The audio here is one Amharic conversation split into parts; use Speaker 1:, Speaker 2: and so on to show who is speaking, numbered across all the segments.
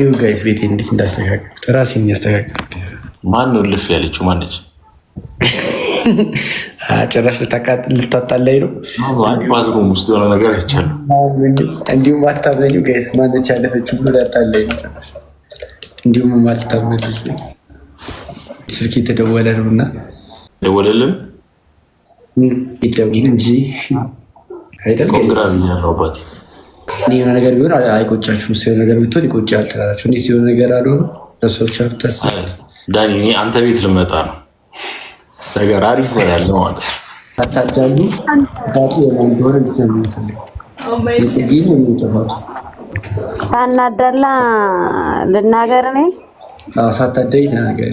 Speaker 1: ይኸው ጋይስ ቤቴ እንዴት እንዳስተካከልኩት ራሴ እያስተካከልኩት።
Speaker 2: ማን ነው ልፍ ያለችው? ማነች?
Speaker 1: ጭራሽ ልታጣላይ ነው።
Speaker 2: ባዝሩም ውስጥ የሆነ ነገር
Speaker 1: አይቻልም። እንዲሁም አታምነኝም ጋይስ። ማነች ያለፈችው ብሎ ላጣላይ ነው። እንዲሁም አልታመነ ስልክ የተደወለ ነው
Speaker 2: እና ደወለልን
Speaker 1: ይደውል እንጂ
Speaker 2: አይደል? ኮንግራ ያለውባት የሆነ ነገር ቢሆን
Speaker 1: አይቆጫችሁም። ሲሆን ነገር ብትሆን ይቆጫል ትላላችሁ። እንዲህ ሲሆን ነገር አልሆነ ለሰዎች
Speaker 2: አልታስ ዳኒ፣ እኔ አንተ ቤት ልመጣ ነው። ሰገር አሪፍ ያለ ማለት ነው። አታዳሉ
Speaker 1: ዳቱ የማንደሆነ እንደሆነ ሊሰማ ፈልግ ጽጌ ነው
Speaker 3: የሚጠፋቱ ሳናዳላ ልናገር
Speaker 1: እኔ ሳታዳይ ተናገር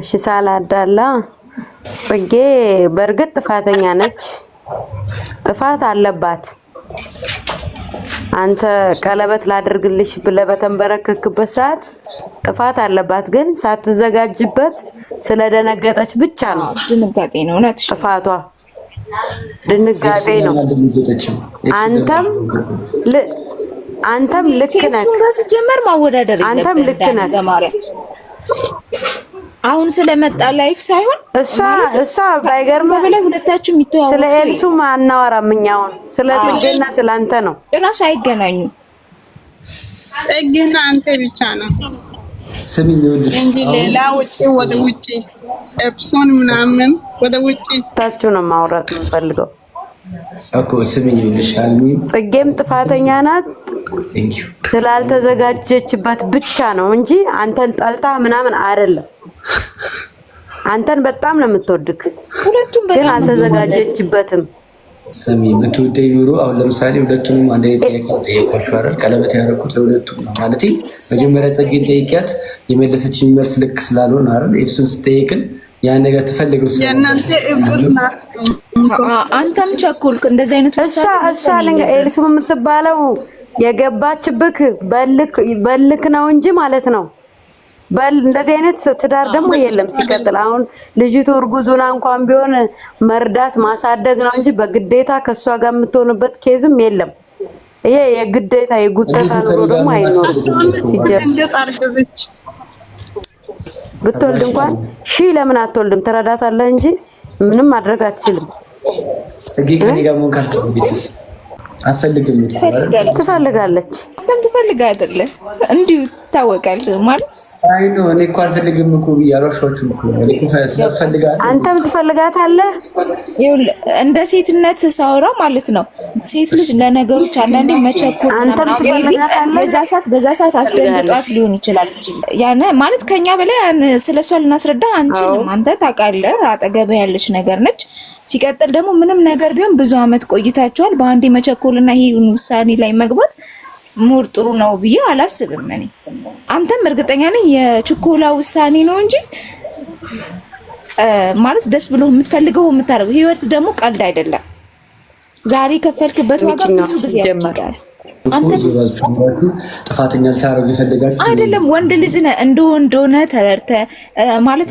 Speaker 3: እሺ፣ ሳላዳላ ጽጌ በእርግጥ ጥፋተኛ ነች፣ ጥፋት አለባት አንተ ቀለበት ላድርግልሽ ብለህ በተንበረከክበት ሰዓት ጥፋት አለባት፣ ግን ሳትዘጋጅበት ስለደነገጠች ብቻ ነው ድንጋጤ ነው ጥፋቷ፣ ድንጋጤ ነው። አንተም አንተም ልክ ነህ።
Speaker 4: አንተም ልክ ነህ። አሁን ስለመጣ ላይፍ
Speaker 3: ሳይሆን እሷ እሷ ባይገርም ብለህ ሁለታችሁ የሚተዋወቁ ስለ ኤልሱ አናወራም። እኛ አሁን ስለ ጽጌና
Speaker 4: ስለ አንተ ነው። ጭራሽ አይገናኙም።
Speaker 5: ጽጌና አንተ ብቻ ነው እንጂ ሌላ ውጪ ወደ ውጪ ኤፕሶን ምናምን
Speaker 3: ወደ ውጪ ታችሁ ነው ማውራት የምፈልገው እኮ ስሚኝ፣ ይልሻል ጽጌም ጥፋተኛ ናት ስላልተዘጋጀችበት ብቻ ነው እንጂ አንተን ጠልታ ምናምን አይደለም። አንተን በጣም ነው የምትወድክ፣ ግን አልተዘጋጀችበትም።
Speaker 1: ስሚ ብትወደኝ ኑሮ አሁን ለምሳሌ ሁለቱንም አንድ አይነት ጠያቄ ጠየኳቸው አይደል? ቀለበት ያደረኩት ለሁለቱም ነው ማለት መጀመሪያ ጠጌን ጠይቂያት የመለሰች መልስ ልክ ስላልሆን አይደል? ኤፍሱን ስጠይቅን ያን ነገር ትፈልገው
Speaker 3: አንተም ቸኩልክ። እንደዚህ አይነት እሷ ኤልሱም የምትባለው የገባችብክ በልክ በልክ ነው እንጂ ማለት ነው በል እንደዚህ አይነት ትዳር ደግሞ የለም። ሲቀጥል አሁን ልጅቱ እርጉዙና እንኳን ቢሆን መርዳት ማሳደግ ነው እንጂ በግዴታ ከእሷ ጋር የምትሆንበት ኬዝም የለም። ይሄ የግዴታ የጉተታ ኑሮ ደግሞ አይኖርም። ብትወልድ እንኳን ሺ ለምን አትወልድም? ትረዳታለህ እንጂ ምንም ማድረግ አትችልም። ትፈልጋለች ትፈልጋ
Speaker 4: አይደለ እንዲሁ ይታወቃል
Speaker 1: ማለት አይ ነው እኔ እኮ አልፈልግም እኮ ብያለሁ።
Speaker 3: አንተም ትፈልጋታለህ።
Speaker 4: እንደ ሴትነት ሳውራ ማለት ነው ሴት ልጅ ለነገሮች አንዳንዴ መቸኮል በዛ ሰዓት በዛ ሰዓት አስደንግጧት ሊሆን ይችላል። ያን ማለት ከኛ በላይ ስለሷ ልናስረዳ አንችልም። አንተ ታውቃለህ፣ አጠገብ ያለች ነገር ነች። ሲቀጥል ደግሞ ምንም ነገር ቢሆን ብዙ አመት ቆይታችኋል። በአንዴ መቸኮልና ይሄን ውሳኔ ላይ መግባት ሙር ጥሩ ነው ብዬ አላስብም። እኔ አንተም እርግጠኛ ነኝ የችኮላ ውሳኔ ነው እንጂ ማለት ደስ ብሎ የምትፈልገው የምታደርገው ህይወት ደግሞ ቀልድ አይደለም። ዛሬ ከፈልክበት ዋጋ ብዙ
Speaker 1: ጊዜ ያስጀምራል። ጥፋተኛ
Speaker 4: አይደለም። ወንድ ልጅ ነህ እንደ ወንድ ሆነህ ማለት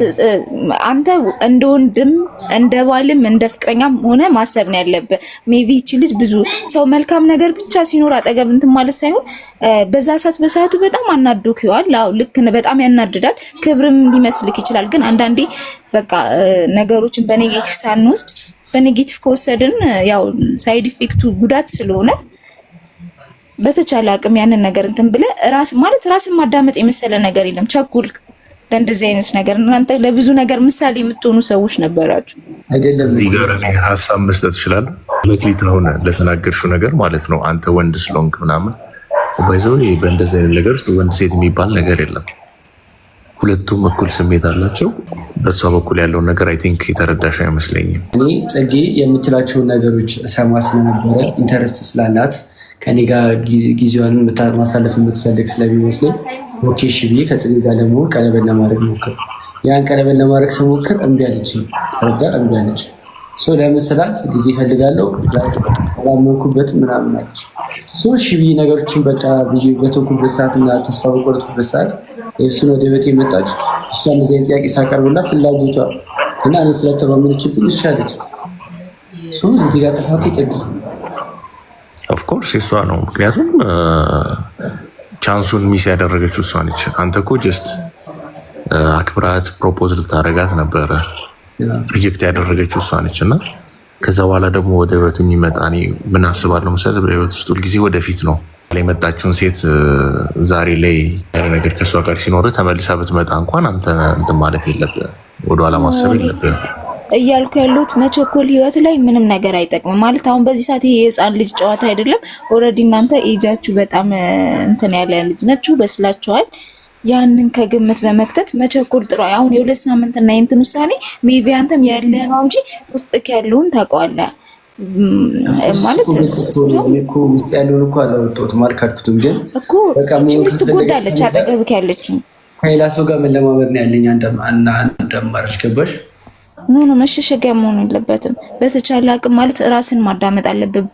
Speaker 4: አንተ እንደ ወንድም እንደ ባልም እንደ ፍቅረኛም ሆነ ማሰብ ነው ያለብህ። ሜቢ ይቺ ልጅ ብዙ ሰው መልካም ነገር ብቻ ሲኖር አጠገብ እንትን ማለት ሳይሆን በዛ ሰዓት በሰዓቱ በጣም አናዶክ ይዋል። አዎ ልክ ነህ። በጣም ያናድዳል። ክብርም ሊመስልክ ይችላል። ግን አንዳንዴ በቃ ነገሮችን በኔጌቲቭ ሳንወስድ በኔጌቲቭ ከወሰድን ያው ሳይድ ኢፌክቱ ጉዳት ስለሆነ በተቻለ አቅም ያንን ነገር እንትን ብለ ራስ ማለት ራስን ማዳመጥ የመሰለ ነገር የለም። ቸኩል ለእንደዚህ አይነት ነገር እናንተ ለብዙ ነገር ምሳሌ የምትሆኑ ሰዎች ነበራችሁ።
Speaker 1: እዚህ ጋር ሀሳብ መስጠት ይችላል። መክሊት አሁን ለተናገርሽው ነገር ማለት ነው አንተ ወንድ ስለሆንክ ምናምን ባይዘው በእንደዚህ አይነት ነገር ውስጥ ወንድ ሴት የሚባል ነገር የለም። ሁለቱም እኩል ስሜት አላቸው። በእሷ በኩል ያለውን ነገር አይ ቲንክ የተረዳሽ አይመስለኝም። እኔ ጽጌ የምትላቸውን ነገሮች ሰማ ስለነበረ ኢንተረስት ስላላት ከኔ ጋር ጊዜዋን ማሳለፍ የምትፈልግ ስለሚመስለኝ ኦኬ እሺ ብዬ ከጽጌ ጋር ለመሆን ቀለበት ለማድረግ ሞክር። ያን ቀለበት ለማድረግ ስሞክር እምቢ አለች፣ ረዳ እምቢ አለች። ለምስላት ጊዜ ይፈልጋለው አላመንኩበትም ምናምን አለች። እሺ ብዬ ነገሮችን በቃ ብዬ በተንኩበት ሰዓት እና ተስፋ በቆረጥኩበት ሰዓት እሱን ወደ ቤት የመጣች እሷ ጥያቄ ሳቀርብላት ፍላጎቷ እና እኔ ስለተማመነችብኝ እሺ አለች። እዚህ ጋር ጥፋቱ ይጸግል
Speaker 2: ኦፍኮርስ የእሷ ነው። ምክንያቱም ቻንሱን ሚስ ያደረገችው እሷ ነች። አንተ እኮ ጀስት አክብራት ፕሮፖዝ ልታደረጋት ነበረ። ሪጀክት ያደረገችው እሷ ነች እና ከዛ በኋላ ደግሞ ወደ ህይወት የሚመጣ ምን አስባለሁ መሰለህ፣ በህይወት ውስጥ ሁልጊዜ ወደፊት ነው የመጣችውን ሴት ዛሬ ላይ ያለ ነገር ከእሷ ጋር ሲኖርህ ተመልሳ ብትመጣ እንኳን አንተ እንትን ማለት የለብህ፣ ወደኋላ ማሰብ
Speaker 4: የለብህ። እያልኩ ያሉት መቸኮል ህይወት ላይ ምንም ነገር አይጠቅምም። ማለት አሁን በዚህ ሰዓት ይሄ የህፃን ልጅ ጨዋታ አይደለም። ኦልሬዲ እናንተ ኤጃችሁ በጣም እንትን ያለ ልጅ ነችሁ፣ በስላችኋል። ያንን ከግምት በመክተት መቸኮል ጥሩ። አሁን የሁለት ሳምንት ሳምንትና የእንትን ውሳኔ ሜቢ አንተም ያለ ነው እንጂ ውስጥክ ያለውን ታውቀዋለህ። ማለት
Speaker 1: ውስጥ ያለውን እኮ አላወጣሁትም አልካድኩትም፣ ግን
Speaker 4: እቺ ትጎዳለች አጠገብክ ያለችው
Speaker 1: ከሌላ ሰው ጋር መለማመድ ነው ያለኝ። አንዳማረች ገባሽ
Speaker 4: ኖ ኖ መሸሸጊያ መሆን የለበትም። በተቻለ አቅም ማለት ራስን ማዳመጥ አለብን።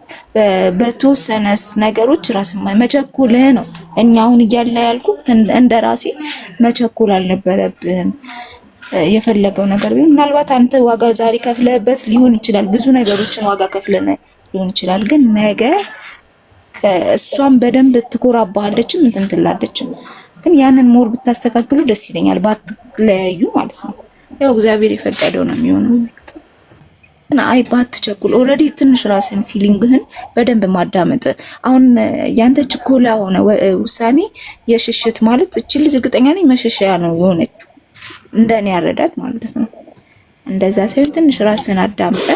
Speaker 4: በተወሰነስ ነገሮች ራስን መቸኮልህ ነው። እኛ አሁን እያለ ያልኩት እንደ ራሴ መቸኮል አልነበረብህም። የፈለገው ነገር ቢሆን ምናልባት አንተ ዋጋ ዛሬ ከፍለህበት ሊሆን ይችላል። ብዙ ነገሮችን ዋጋ ከፍለን ሊሆን ይችላል። ግን ነገ እሷን በደንብ ትኮራባሃለችም እንትን ትላለችም። ግን ያንን ሞር ብታስተካክሉ ደስ ይለኛል፣ ባትለያዩ ማለት ነው። ያው እግዚአብሔር የፈቀደው ነው የሚሆነው። እና አይ ባትቸኩል፣ ኦልሬዲ ትንሽ ራስን ፊሊንግህን በደንብ ማዳመጥ። አሁን ያንተ ችኮላ ሆነ ውሳኔ የሽሽት ማለት እቺ ልጅ እርግጠኛ ነኝ መሸሸያ ነው የሆነችው፣ እንደኔ ያረዳት ማለት ነው። እንደዛ ሳይሆን ትንሽ ራስን አዳምጠ።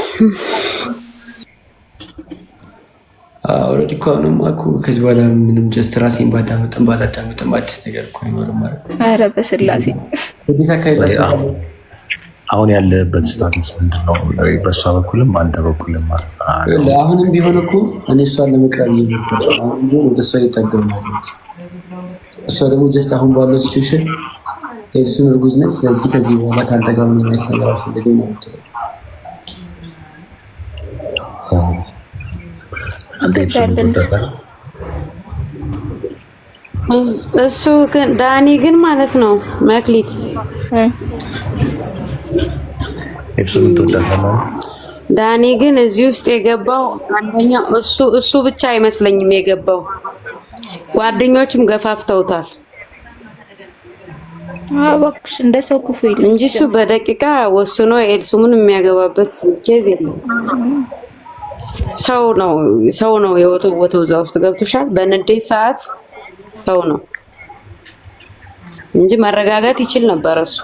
Speaker 1: ኦልሬዲ እኮ አሁንማ እኮ ከዚህ በኋላ ምንም ጀስት ራሴን ባዳመጥም ባላዳመጥም አዲስ ነገር እኮ ይኖርም ማለት ነው።
Speaker 4: ኧረ በስላሴ
Speaker 2: አሁን ያለበት ስታትስ ምንድን ነው? በእሷ በኩልም አንተ በኩልም ማለት ነው።
Speaker 1: አሁንም ቢሆን እኮ እኔ እሷን ለመቅረብ እየሞከርኩ አሁን ወደ እሷ እየጠገሙ እሷ ደግሞ ጀስት አሁን ባለው ሲቹዌሽን ኤልሱን እርጉዝ ነች። ስለዚህ ከዚህ በኋላ ከአንተ ጋር ምን አይነት ነገር አልፈልግም ነው የምትለው።
Speaker 3: እሱ ግን ዳኒ ግን ማለት ነው መክሊት
Speaker 2: ኤፍሱን ትወዳታለህ።
Speaker 3: ዳኒ ግን እዚህ ውስጥ የገባው አንደኛ እሱ እሱ ብቻ አይመስለኝም የገባው ጓደኞችም ገፋፍተውታል። እባክሽ እንደ ሰው ክፉ ይል እንጂ እሱ በደቂቃ ወስኖ ኤልሱምን የሚያገባበት ኬዝ የለም። ሰው ነው ሰው ነው የወተወተው እዛ ውስጥ ገብቶሻል። በንዴት ሰዓት ሰው ነው እንጂ መረጋጋት ይችል ነበር እሱ